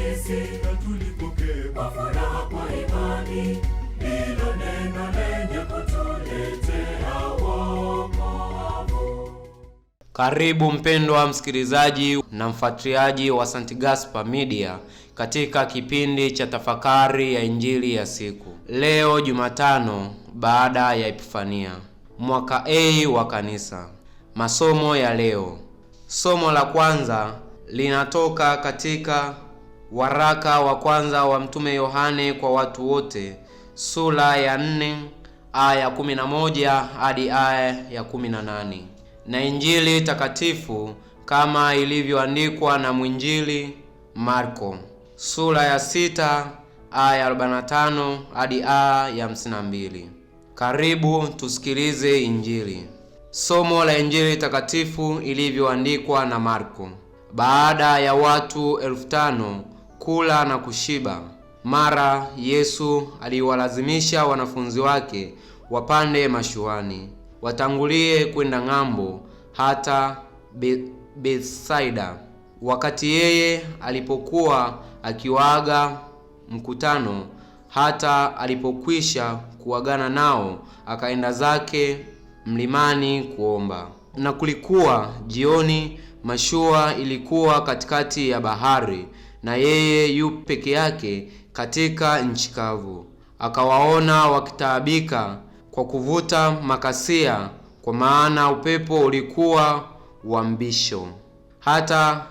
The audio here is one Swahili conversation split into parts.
sisi na tulipokee kwa furaha kwa imani hilo neno lenye kutuletea wokovu. Karibu mpendwa msikilizaji na mfuatiliaji wa St. Gaspar Media katika kipindi cha tafakari ya injili ya siku leo Jumatano baada ya Epifania mwaka A wa Kanisa. Masomo ya leo, somo la kwanza linatoka katika Waraka wa kwanza wa Mtume Yohane kwa watu wote sura ya 4 aya ya 11 hadi aya ya 18, na Injili takatifu kama ilivyoandikwa na mwinjili Marko sura ya 6 aya ya 45 hadi aya ya 52. Karibu tusikilize Injili. Somo la Injili takatifu ilivyoandikwa na Marko. Baada ya watu elfu tano kula na kushiba. Mara Yesu aliwalazimisha wanafunzi wake wapande mashuani watangulie kwenda ng'ambo hata Bethsaida. Wakati yeye alipokuwa akiwaaga mkutano, hata alipokwisha kuagana nao, akaenda zake mlimani kuomba. Na kulikuwa jioni, mashua ilikuwa katikati ya bahari, na yeye yu peke yake katika nchi kavu. Akawaona wakitaabika kwa kuvuta makasia, kwa maana upepo ulikuwa wa mbisho. Hata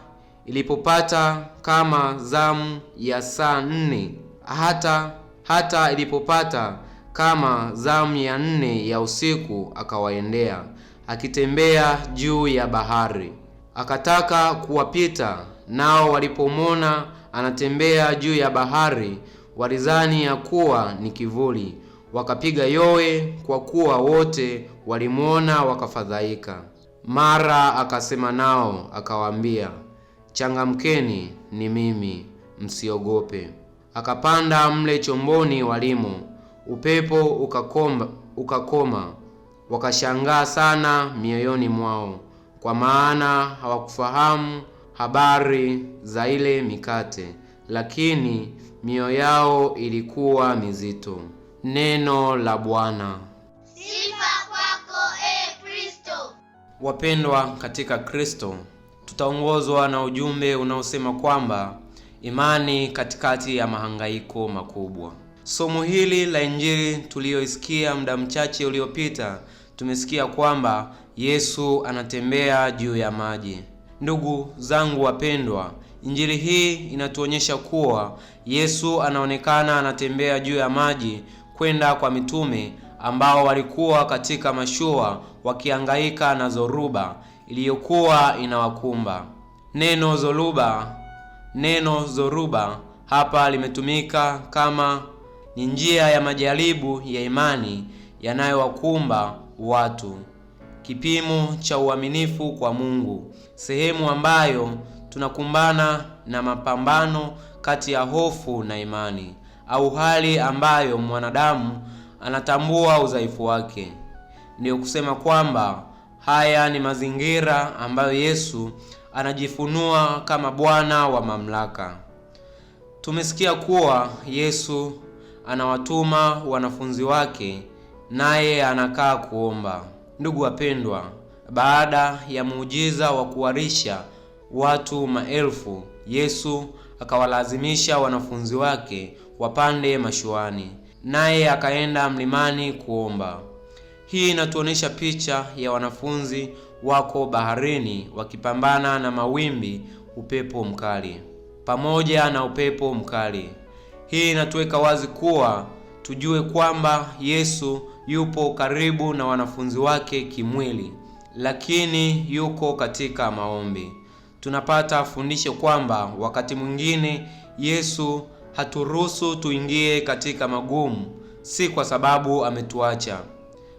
ilipopata kama zamu ya saa nne hata hata ilipopata kama zamu ya nne ya usiku, akawaendea akitembea juu ya bahari, akataka kuwapita nao walipomwona anatembea juu ya bahari walizani ya kuwa ni kivuli, wakapiga yowe, kwa kuwa wote walimwona wakafadhaika. Mara akasema nao akawaambia, changamkeni, ni mimi, msiogope. Akapanda mle chomboni walimo, upepo ukakoma, ukakoma. Wakashangaa sana mioyoni mwao, kwa maana hawakufahamu habari za ile mikate, lakini mioyo yao ilikuwa mizito. Neno la Bwana. Sifa kwako e Kristo. Wapendwa katika Kristo, tutaongozwa na ujumbe unaosema kwamba imani katikati ya mahangaiko makubwa. Somo hili la Injili tuliyoisikia muda mchache uliopita, tumesikia kwamba Yesu anatembea juu ya maji. Ndugu zangu wapendwa, injili hii inatuonyesha kuwa Yesu anaonekana anatembea juu ya maji kwenda kwa mitume ambao walikuwa katika mashua wakihangaika na dhoruba iliyokuwa inawakumba. Neno dhoruba, neno dhoruba hapa limetumika kama ni njia ya majaribu ya imani yanayowakumba watu kipimo cha uaminifu kwa Mungu, sehemu ambayo tunakumbana na mapambano kati ya hofu na imani, au hali ambayo mwanadamu anatambua udhaifu wake. Ndiyo kusema kwamba haya ni mazingira ambayo Yesu anajifunua kama Bwana wa mamlaka. Tumesikia kuwa Yesu anawatuma wanafunzi wake, naye anakaa kuomba. Ndugu wapendwa, baada ya muujiza wa kuwarisha watu maelfu, Yesu akawalazimisha wanafunzi wake wapande mashuani, naye akaenda mlimani kuomba. Hii inatuonyesha picha ya wanafunzi wako baharini wakipambana na mawimbi, upepo mkali pamoja na upepo mkali. Hii inatuweka wazi kuwa tujue kwamba Yesu yupo karibu na wanafunzi wake kimwili, lakini yuko katika maombi. Tunapata fundisho kwamba wakati mwingine Yesu haturuhusu tuingie katika magumu, si kwa sababu ametuacha,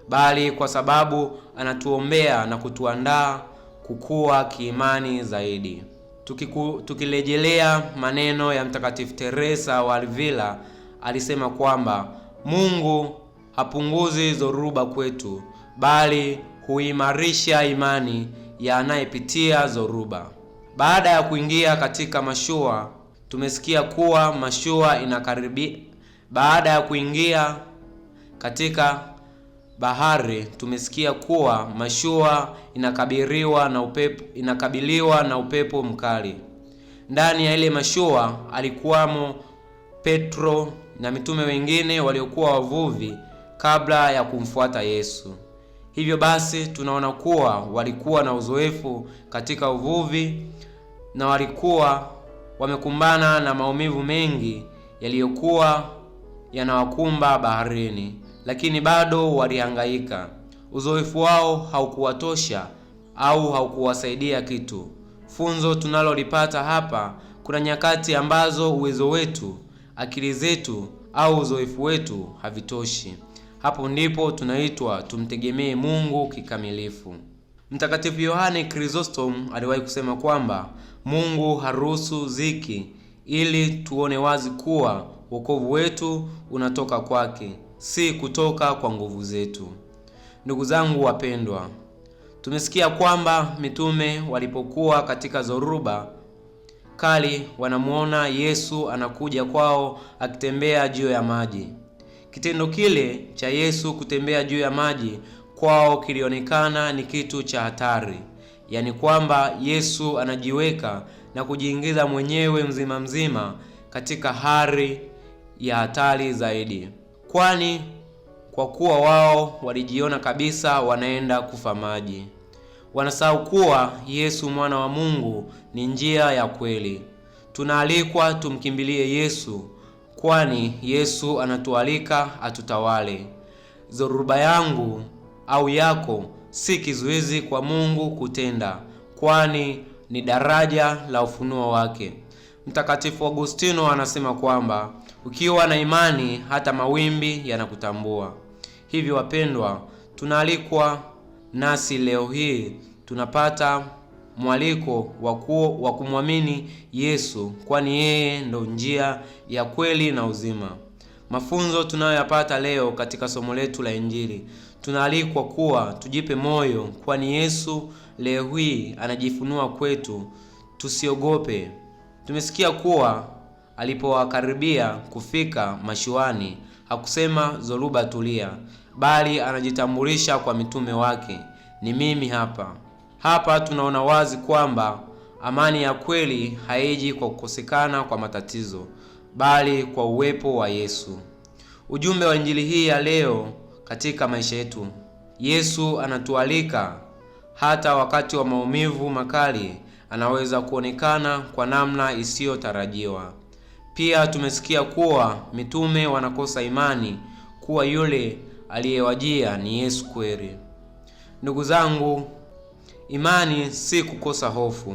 bali kwa sababu anatuombea na kutuandaa kukua kiimani zaidi. Tukiku, tukilejelea maneno ya Mtakatifu Teresa wa Avila alisema kwamba Mungu hapunguzi dhoruba kwetu, bali huimarisha imani ya anayepitia dhoruba. Baada ya kuingia katika mashua, tumesikia kuwa mashua inakaribia. Baada ya kuingia katika bahari, tumesikia kuwa mashua inakabiliwa na upepo, inakabiliwa na upepo mkali. Ndani ya ile mashua alikuwamo Petro na mitume wengine waliokuwa wavuvi kabla ya kumfuata Yesu. Hivyo basi tunaona kuwa walikuwa na uzoefu katika uvuvi na walikuwa wamekumbana na maumivu mengi yaliyokuwa yanawakumba baharini, lakini bado walihangaika. Uzoefu wao haukuwatosha au haukuwasaidia kitu. Funzo tunalolipata hapa, kuna nyakati ambazo uwezo wetu, akili zetu au uzoefu wetu havitoshi. Hapo ndipo tunaitwa tumtegemee Mungu kikamilifu. Mtakatifu Yohane Chrysostom aliwahi kusema kwamba Mungu haruhusu ziki ili tuone wazi kuwa wokovu wetu unatoka kwake, si kutoka kwa nguvu zetu. Ndugu zangu wapendwa, tumesikia kwamba mitume walipokuwa katika dhoruba kali, wanamuona Yesu anakuja kwao akitembea juu ya maji. Kitendo kile cha Yesu kutembea juu ya maji kwao kilionekana ni kitu cha hatari, yaani kwamba Yesu anajiweka na kujiingiza mwenyewe mzima mzima katika hali ya hatari zaidi, kwani kwa kuwa wao walijiona kabisa wanaenda kufa maji, wanasahau kuwa Yesu mwana wa Mungu ni njia ya kweli. Tunaalikwa tumkimbilie Yesu kwani Yesu anatualika atutawale. Dhoruba yangu au yako si kizuizi kwa Mungu kutenda, kwani ni daraja la ufunuo wake. Mtakatifu Agustino anasema kwamba ukiwa na imani hata mawimbi yanakutambua. Hivyo wapendwa, tunaalikwa nasi leo hii tunapata mwaliko wa kumwamini Yesu, kwani yeye ndo njia ya kweli na uzima. Mafunzo tunayoyapata leo katika somo letu la Injili, tunaalikwa kuwa tujipe moyo, kwani Yesu leo hii anajifunua kwetu, tusiogope. Tumesikia kuwa alipowakaribia kufika mashuani hakusema zoruba tulia, bali anajitambulisha kwa mitume wake, ni mimi hapa. Hapa tunaona wazi kwamba amani ya kweli haiji kwa kukosekana kwa matatizo, bali kwa uwepo wa Yesu. Ujumbe wa injili hii ya leo katika maisha yetu, Yesu anatualika hata wakati wa maumivu makali anaweza kuonekana kwa namna isiyotarajiwa. Pia tumesikia kuwa mitume wanakosa imani kuwa yule aliyewajia ni Yesu kweli. Ndugu zangu Imani si kukosa hofu,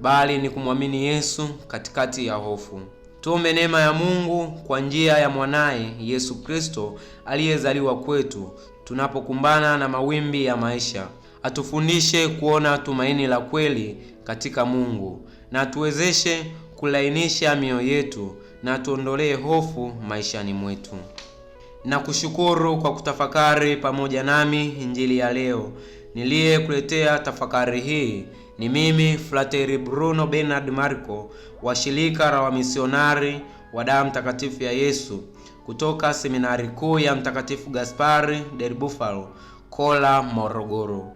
bali ni kumwamini Yesu katikati ya hofu. Tuombe neema ya Mungu kwa njia ya mwanaye Yesu Kristo aliyezaliwa kwetu tunapokumbana na mawimbi ya maisha. Atufundishe kuona tumaini la kweli katika Mungu na atuwezeshe kulainisha mioyo yetu na tuondolee hofu maishani mwetu. nakushukuru kwa kutafakari pamoja nami Injili ya leo. Niliyekuletea tafakari hii ni mimi Frateri Bruno Bernard Marco wa shirika la wamisionari wa damu takatifu ya Yesu kutoka seminari kuu ya Mtakatifu Gaspari del Bufalo, Kola, Morogoro.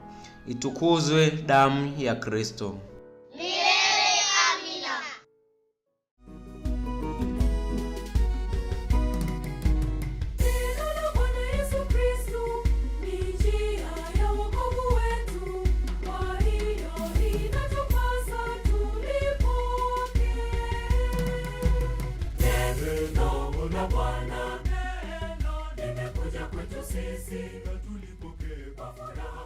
Itukuzwe damu ya Kristo! la Bwana, neno limekuja kwetu sisi, na tulipokee kwa furaha.